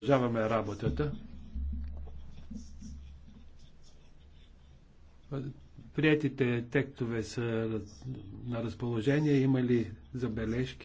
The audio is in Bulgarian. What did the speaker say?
Продължаваме работата. Приятите текстове са на разположение. Има ли забележки?